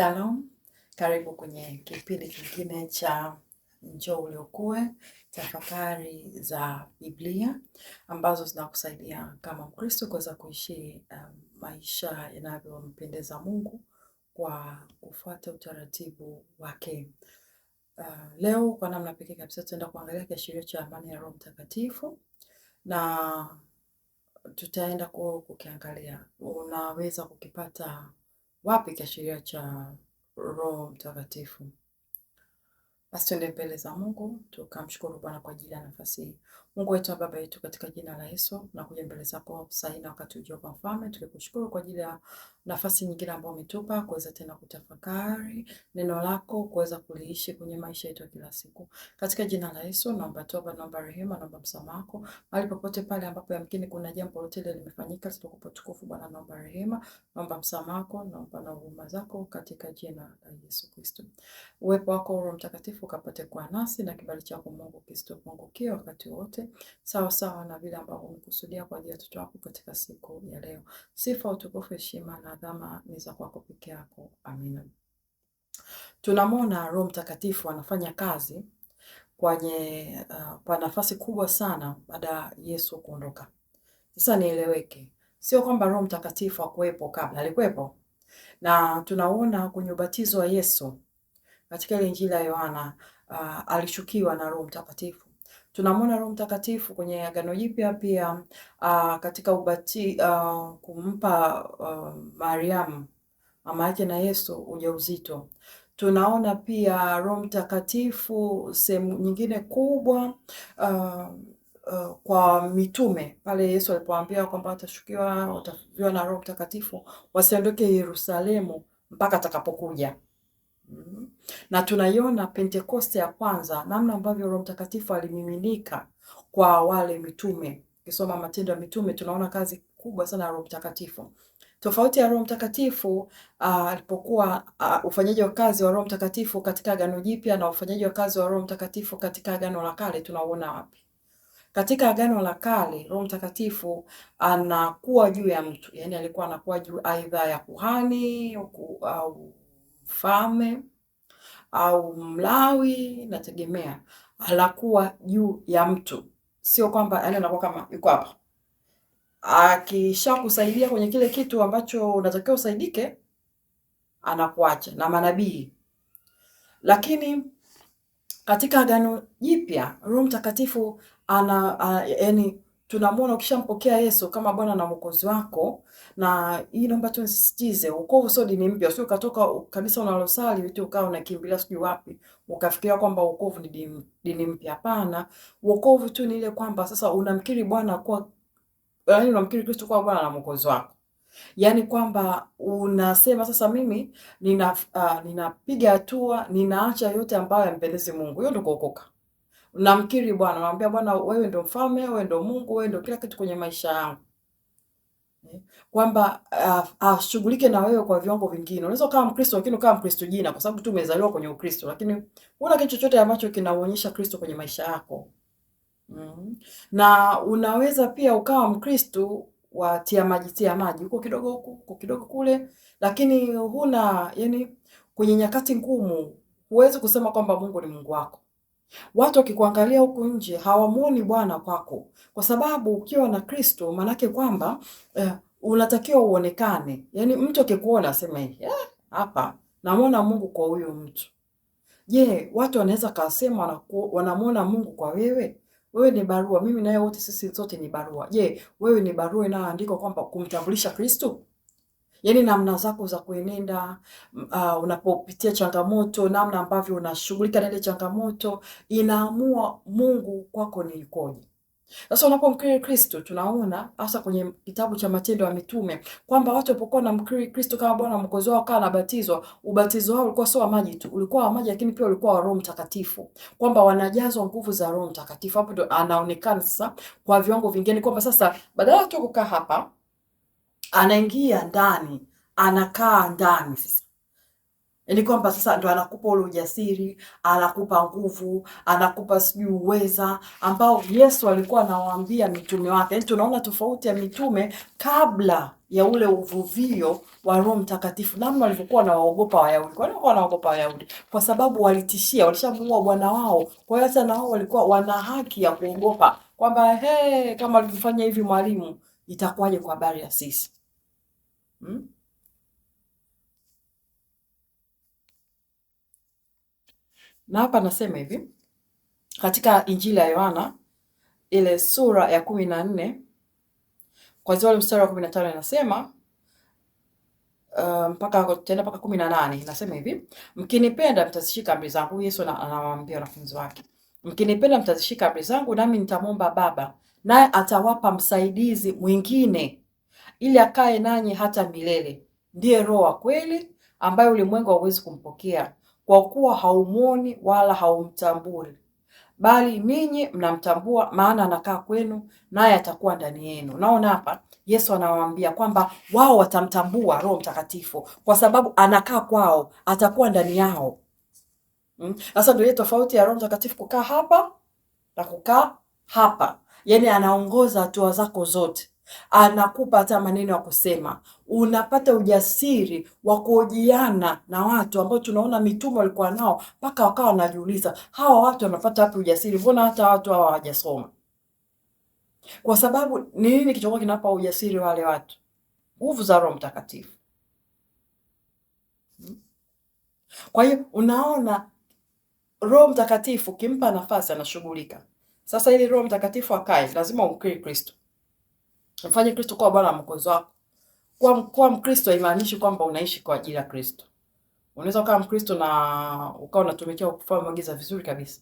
Shalom, karibu kwenye kipindi kingine cha Njoo uliokuwe tafakari za Biblia ambazo zinakusaidia kama Mkristo kuweza kuishi um, maisha yanavyompendeza Mungu kwa kufuata utaratibu wake. Uh, leo kwa namna pekee kabisa tutaenda kuangalia kiashirio cha amani ya Roho Mtakatifu na tutaenda kuo kukiangalia, unaweza kukipata wapi kiashiria cha Roho Mtakatifu? Basi tuende mbele za Mungu tukamshukuru Bwana kwa ajili ya nafasi hii. Mungu wetu Baba yetu, katika jina la Yesu nakuja mbele zako sasa hii na wakati ujio kwa mfalme, tukikushukuru kwa ajili ya nafasi nyingine ambayo umetupa kuweza tena kutafakari neno lako, kuweza kuliishi kwenye maisha yetu kila siku. Katika jina la Yesu naomba toba, naomba rehema, naomba msamaha wako mahali popote pale ambapo yamkini kuna jambo lolote lile limefanyika, sitakupa tukufu Bwana, naomba rehema, naomba msamaha wako, naomba na huruma zako katika jina la Yesu Kristo. Uwepo wako Roho Mtakatifu ukapate kuwa nasi na kibali chako Mungu kisichopungukia wakati wote yote sawa na vile ambavyo umekusudia kwa ajili ya watoto wako katika siku ya leo. Sifa, utukufu, heshima na adhama ni za kwako peke yako. Amina. Tunamwona Roho Mtakatifu anafanya kazi kwenye uh, kwa nafasi kubwa sana baada ya Yesu kuondoka. Sasa nieleweke, sio kwamba Roho Mtakatifu hakuwepo kabla, alikuwepo, na tunaona kwenye ubatizo wa Yesu katika ile Injili ya Yohana uh, alishukiwa na Roho Mtakatifu Tunamwona Roho Mtakatifu kwenye Agano Jipya pia uh, katika ubati uh, kumpa uh, Mariamu mama yake na Yesu ujauzito. Tunaona pia Roho Mtakatifu sehemu nyingine kubwa uh, Uh, kwa mitume pale Yesu alipoambia kwamba watashukiwa watafikiwa na Roho Mtakatifu wasiondoke Yerusalemu mpaka atakapokuja. mm -hmm na tunaiona Pentekoste ya kwanza, namna ambavyo Roho Mtakatifu alimiminika kwa wale mitume. Ukisoma Matendo ya Mitume tunaona kazi kubwa sana ya Roho Mtakatifu. Tofauti ya Roho Mtakatifu ah, alipokuwa uh, uh, ufanyaji wa kazi wa Roho Mtakatifu katika Agano Jipya na ufanyaji wa kazi wa Roho Mtakatifu katika Agano la Kale tunauona wapi? Katika Agano la Kale Roho Mtakatifu anakuwa juu ya mtu, yani alikuwa anakuwa juu aidha ya kuhani au uh, mfalme au Mlawi, nategemea anakuwa juu ya mtu, sio kwamba yani anakuwa kama yuko hapa. kusaidia kwenye kile kitu ambacho unatakiwa usaidike, anakuacha na manabii. Lakini katika Agano Jipya Roho Mtakatifu ana, ana yaani tunamwona ukishampokea Yesu kama Bwana na Mwokozi wako, na hii naomba tu nisisitize, wokovu sio dini mpya. Sio ukatoka kabisa unalosali eti ukawa unakimbilia sijui wapi ukafikiria kwamba wokovu ni dini mpya. Hapana, wokovu tu ni ile kwamba sasa unamkiri Bwana kwa, yaani unamkiri Kristo kwa Bwana na Mwokozi wako, yaani kwamba unasema sasa, mimi nina uh, ninapiga hatua, ninaacha yote ambayo yampendezi Mungu. Hiyo ndio kuokoka namkiri Bwana, namwambia Bwana, wewe ndo mfalme, wewe ndo Mungu, wewe ndo kila kitu kwenye maisha yangu, eh, kwamba ah, ashughulike na wewe kwa viwango vingine. Unaweza kama Mkristo lakini kama Mkristo jina, kwa sababu tu umezaliwa kwenye Ukristo, lakini una kitu chochote ambacho kinaonyesha Kristo kwenye maisha yako. Mm. Na unaweza pia ukawa Mkristo wa tia maji tia maji huko kidogo huko huko kidogo kule, lakini huna yani, kwenye nyakati ngumu huwezi kusema kwamba Mungu ni Mungu wako. Watu wakikuangalia huku nje hawamuoni Bwana kwako, kwa sababu ukiwa na Kristo maanake kwamba eh, unatakiwa uonekane. Yaani mtu akikuona aseme eh, hapa namwona Mungu kwa huyu mtu. Je, watu wanaweza kasema wanamwona Mungu kwa wewe? Wewe ni barua, mimi naye, wote sisi sote ni barua. Je, wewe ni barua inayoandikwa kwamba kumtambulisha Kristo? yani namna zako za kuenenda uh, unapopitia changamoto, namna ambavyo unashughulika na ile changamoto inaamua Mungu kwako ni ikoje. Sasa unapomkiri Kristo, tunaona hasa kwenye kitabu cha Matendo ya Mitume kwamba watu walipokuwa wanamkiri Kristo kama Bwana mwokozi wao, kana batizwa, ubatizo wao ulikuwa sio wa maji tu, ulikuwa wa maji, lakini pia ulikuwa wa Roho Mtakatifu, kwamba wanajazwa nguvu za Roho Mtakatifu. Hapo ndo anaonekana sasa kwa viwango vingine kwamba sasa badala ya kukaa hapa anaingia ndani, anakaa ndani sasa ni kwamba sasa ndo anakupa ule ujasiri, anakupa nguvu, anakupa sijui uweza ambao Yesu alikuwa anawaambia mitume wake. Yaani tunaona tofauti ya mitume kabla ya ule uvuvio wa Roho Mtakatifu, namna walivyokuwa wanawaogopa Wayahudi. Kwa nini walikuwa wanaogopa Wayahudi? Kwa sababu walitishia, walishamuua bwana wao. Kwa hiyo hata na wao walikuwa wana haki ya kuogopa kwamba hey, kama alivyofanya hivi mwalimu, itakuwaje kwa habari ya sisi? Hmm? Na hapa nasema hivi katika Injili ya Yohana ile sura ya kumi na nne kwanzia ule mstari wa kumi na tano inasema uh, mpaka uh, tena mpaka kumi na nane inasema hivi mkinipenda mtazishika amri zangu. Yesu anawaambia wanafunzi wake, mkinipenda mtazishika amri zangu, nami nitamwomba Baba naye atawapa msaidizi mwingine ili akae nanyi hata milele. Ndiye Roho wa kweli ambaye ulimwengu hauwezi kumpokea kwa kuwa haumwoni wala haumtambui, bali ninyi mnamtambua, maana anakaa kwenu naye atakuwa ndani yenu. Naona hapa Yesu anawaambia kwamba wao watamtambua Roho Mtakatifu kwa sababu anakaa kwao, atakuwa ndani yao. Hmm? Sasa ndio ile tofauti ya Roho Mtakatifu kukaa hapa na kukaa hapa, yaani anaongoza hatua zako zote anakupa hata maneno ya kusema, unapata ujasiri wa kuhojiana na watu ambao tunaona mitume walikuwa nao, mpaka wakawa wanajiuliza hawa watu wanapata wapi ujasiri? Mbona hata watu hawa hawajasoma? Kwa sababu ni nini kichokuwa kinapa ujasiri wale watu? Nguvu za Roho Mtakatifu. Kwa hiyo unaona Roho Mtakatifu ukimpa nafasi anashughulika. Sasa ili Roho Mtakatifu akae, lazima umkiri Kristo. Mfanye Kristo kuwa Bwana mwokozi wako. Kuwa, kuwa Mkristo haimaanishi kwamba unaishi kwa ajili ya Kristo. Unaweza ukawa Mkristo na ukawa unatumikia kufanya maagizo vizuri kabisa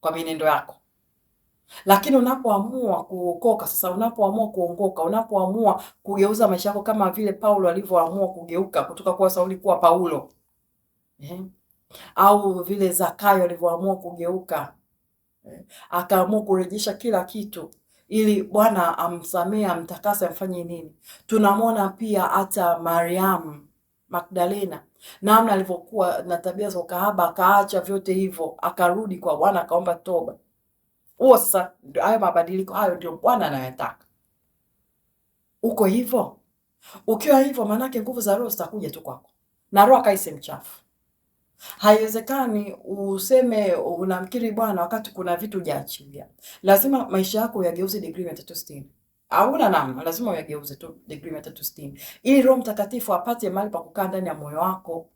kwa mienendo yako, lakini unapoamua kuokoka sasa, unapoamua kuongoka, unapoamua kugeuza maisha yako kama vile Paulo alivyoamua kugeuka kutoka kuwa Sauli kuwa Paulo eh? au vile Zakayo alivyoamua kugeuka eh? akaamua kurejesha kila kitu ili Bwana amsamehe, amtakase, amfanye nini. Tunamwona pia hata mariam Magdalena namna alivyokuwa na tabia za ukahaba, akaacha vyote hivyo, akarudi kwa Bwana akaomba toba. Huo sasa, hayo mabadiliko hayo ndio Bwana anayotaka. Uko hivyo, ukiwa hivyo, maanake nguvu za Roho zitakuja tu kwako, na Roho akaisi mchafu Haiwezekani useme unamkiri Bwana wakati kuna vitu hujaachilia. Lazima maisha yako uyageuze degree mia tatu sitini. Hauna namna, lazima uyageuze tu degree mia tatu sitini ili Roho Mtakatifu apate mahali pa kukaa ndani ya moyo wako,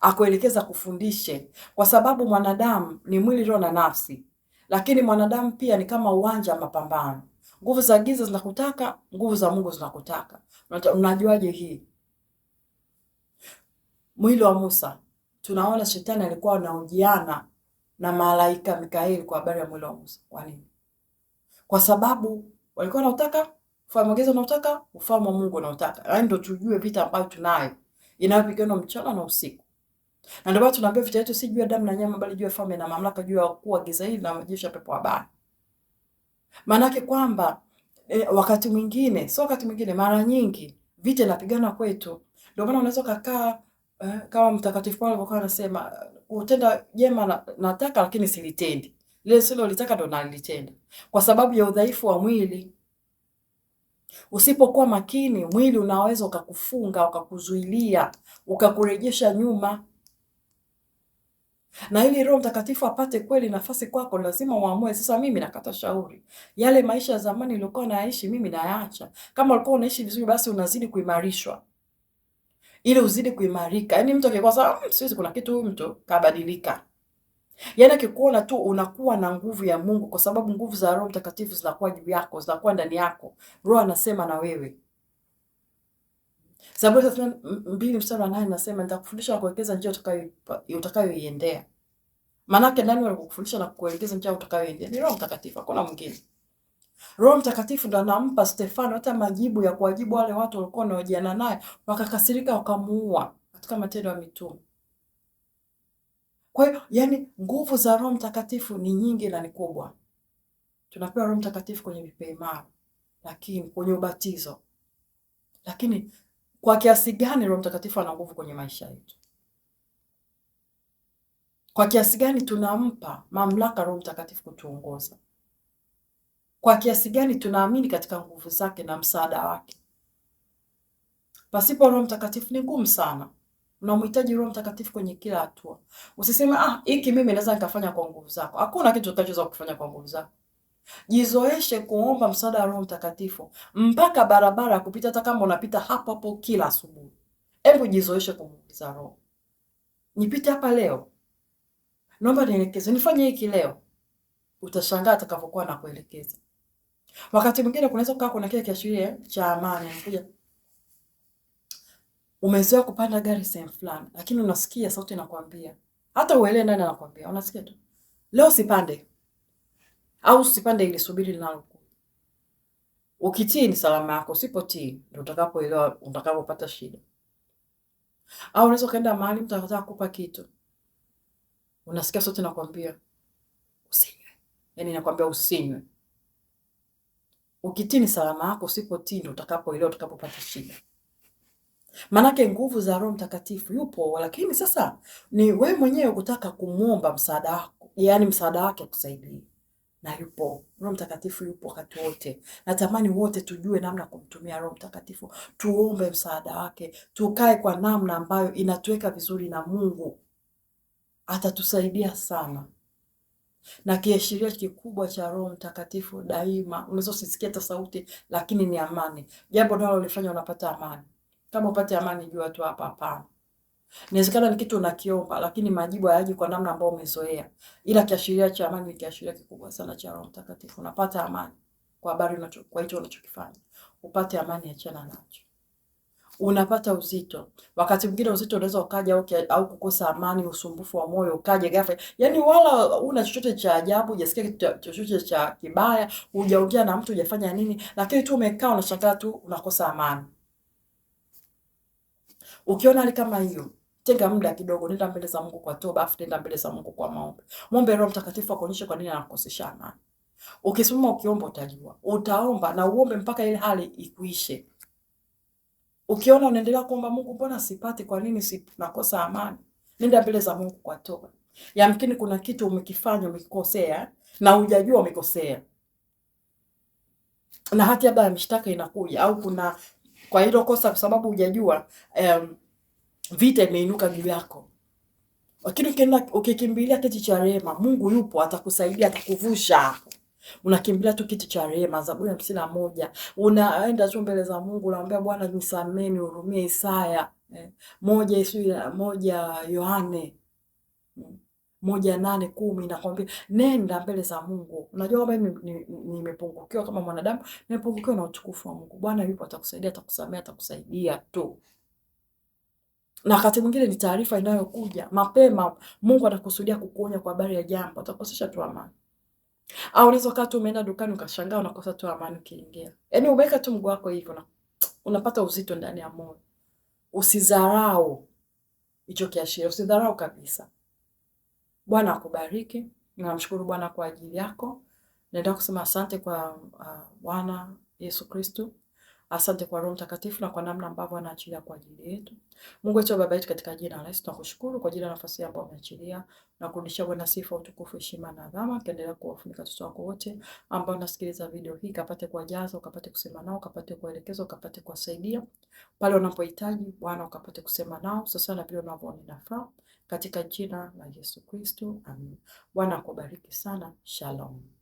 akuelekeza, kufundishe, kwa sababu mwanadamu ni mwili, roho na nafsi, lakini mwanadamu pia ni kama uwanja wa mapambano. Nguvu za giza zinakutaka, nguvu za Mungu zinakutaka. Unajuaje hii? Mwili wa Musa tunaona shetani alikuwa anaojiana na malaika Mikaeli kwa habari ya mwili wa Musa. Kwa nini? Kwa sababu walikuwa wanataka ufalme wa giza, wanautaka ufalme wa Mungu, wanautaka yaani, ndio tujue vita ambayo tunayo inayopiganwa mchana na usiku, na ndio maana tunaambia vita yetu si juu ya damu na nyama, bali juu ya falme na mamlaka, juu ya wakuu wa giza hili na majeshi ya pepo wabaya. Maanake kwamba e, wakati mwingine sio wakati mwingine, mara nyingi vita inapigana kwetu. Ndio maana unaweza kukaa Eh, kama Mtakatifu Paulo alivyokuwa anasema utenda jema nataka lakini silitendi, lile litaka, ndo nalitenda kwa sababu ya udhaifu wa mwili. Usipokuwa makini, mwili unaweza ukakufunga ukakuzuilia ukakurejesha nyuma, na ili Roho Mtakatifu apate kweli nafasi kwako, lazima uamue sasa, mimi nakata shauri, yale maisha ya zamani nilikuwa nayaishi mimi nayaacha. Kama ulikuwa unaishi vizuri, basi unazidi kuimarishwa ili uzidi kuimarika. Yaani mtu akikuwa sawa, mmm, siwezi kuna kitu huyu mtu kabadilika. Yaani akikuona tu unakuwa na nguvu ya Mungu kwa sababu nguvu za Roho Mtakatifu zinakuwa juu yako, zinakuwa ndani yako. Roho anasema na wewe. Zaburi ya 32 mstari wa 8 nasema nitakufundisha na kuelekeza njia utakayo utakayoiendea. Maana yake nani alikufundisha na kukuelekeza njia utakayoiendea? Ni Roho Mtakatifu, hakuna mwingine. Roho Mtakatifu ndo anampa Stefano hata majibu ya kuwajibu wale watu walikuwa wanaojiana naye, wakakasirika wakamuua, katika Matendo ya Mitume. Kwa hiyo yani, nguvu za Roho Mtakatifu ni nyingi na ni kubwa. Tunapewa Roho Mtakatifu kwenye vipaimara, lakini kwenye ubatizo, lakini kwa kiasi gani Roho Mtakatifu ana nguvu kwenye maisha yetu? Kwa kiasi gani tunampa mamlaka Roho Mtakatifu kutuongoza? kwa kiasi gani tunaamini katika nguvu zake na msaada wake. Pasipo Roho Mtakatifu ni ngumu sana. Unamhitaji Roho Mtakatifu kwenye kila hatua. Usiseme ah, hiki mimi naweza nikafanya kwa nguvu zako. Hakuna kitu utachoweza kufanya kwa nguvu zako. Jizoeshe kuomba msaada wa Roho Mtakatifu mpaka barabara ya kupita, hata kama unapita hapo hapo kila asubuhi. Hebu jizoeshe kumuuliza Roho, nipite hapa leo, naomba nielekeze, nifanye hiki leo. Utashangaa atakavyokuwa na kuelekeza. Wakati mwingine kunaweza kukaa kuna kile kiashiria cha amani anakuja. Umezoea kupanda gari sehemu fulani, lakini unasikia sauti inakwambia, hata uelewe nani anakwambia, unasikia tu, leo sipande au usipande, ile, subiri linalokuja. Ukitii ni salama yako, usipotii ndio utakapoelewa, utakapopata shida. Au unaweza ukaenda mahali mtu anataka kukupa kitu, unasikia sauti inakwambia usinywe, yani inakwambia usinywe ukitini salama yako, usipotii ndio utakapoelewa, utakapopata shida. Maanake nguvu za Roho Mtakatifu yupo, lakini sasa ni we mwenyewe kutaka kumwomba msaada wako, yaani msaada wake kusaidia na yupo Roho Mtakatifu yupo wakati wote. Natamani wote tujue namna kumtumia Roho Mtakatifu, tuombe msaada wake, tukae kwa namna ambayo inatuweka vizuri na Mungu, atatusaidia sana na kiashiria kikubwa cha Roho Mtakatifu daima. Unaweza usisikie hata sauti, lakini ni amani. Jambo nalo lifanya unapata amani. Kama upate amani, jua tu hapa hapana. Inawezekana ni kitu unakiomba, lakini majibu hayaji kwa namna ambayo umezoea, ila kiashiria cha amani ni kiashiria kikubwa sana cha Roho Mtakatifu. Unapata amani kwa habari kwa hicho unachokifanya. Upate amani, achana nacho unapata uzito. Wakati mwingine uzito unaweza ukaja au, au kukosa amani, usumbufu wa moyo ukaje ghafla, yani wala una chochote cha ajabu, hujasikia kitu chochote cha kibaya, hujaongea na mtu, hujafanya nini, lakini tu umekaa unashangaa tu unakosa amani. Ukiona hali kama hiyo Tenga muda kidogo, nenda mbele za Mungu kwa toba, afu nenda mbele za Mungu kwa maombi. Muombe Roho Mtakatifu akuonyeshe kwa nini anakukosesha amani. Ukisimama ukiomba, utajua, utaomba na uombe mpaka ile hali ikuishe. Ukiona unaendelea kuomba Mungu, mbona sipati? Kwa nini si nakosa amani? Nenda mbele za Mungu kwa toba. Yamkini kuna kitu umekifanya, umekikosea na hujajua umekosea, na hati labda ya mishtaka inakuja, au kuna kwa hilo kosa, kwa sababu hujajua um, vita imeinuka juu yako. Lakini ukienda ukikimbilia kiti cha rehema, Mungu yupo, atakusaidia, atakuvusha unakimbilia tu kiti cha rehema, Zaburi hamsini na moja. Unaenda tu mbele za Mungu, unamwambia Bwana nisamee, nihurumie. Isaya eh, moja Yesu moja Yohane mm, moja nane kumi nakwambia, nenda mbele za Mungu. Unajua kwamba nimepungukiwa kama mwanadamu, nimepungukiwa na utukufu wa Mungu. Bwana yupo, atakusaidia, atakusamea, atakusaidia tu na wakati mwingine ni taarifa inayokuja mapema. Mungu atakusudia kukuonya kwa habari ya jambo, atakosesha tu amani. Au ah, unaweza ukawa tu umeenda dukani ukashangaa unakosa tu amani ukiingia. Yaani umeweka tu mguu wako hivyo na unapata uzito ndani ya moyo. Usidharau hicho kiashiria, usidharau kabisa. Bwana akubariki. Namshukuru Bwana kwa ajili yako. Naenda kusema asante kwa uh, Bwana Yesu Kristo. Asante kwa Roho Mtakatifu na kwa namna ambavyo anaachilia kwa ajili yetu. Mungu wetu Baba yetu katika jina la Yesu tunakushukuru kwa ajili ya nafasi ambayo umeachilia na kurudishia Bwana sifa, utukufu, heshima na adhabu. Kaendelea kuwafunika watoto wako wote ambao unasikiliza video hii, kapate kuwajaza, kapate kusema nao, kapate kuelekeza, kapate kuwasaidia pale wanapohitaji Bwana, ukapate kusema nao sasa na vile unavyoona inafaa katika jina la Yesu Kristo. Amen. Bwana akubariki sana. Shalom.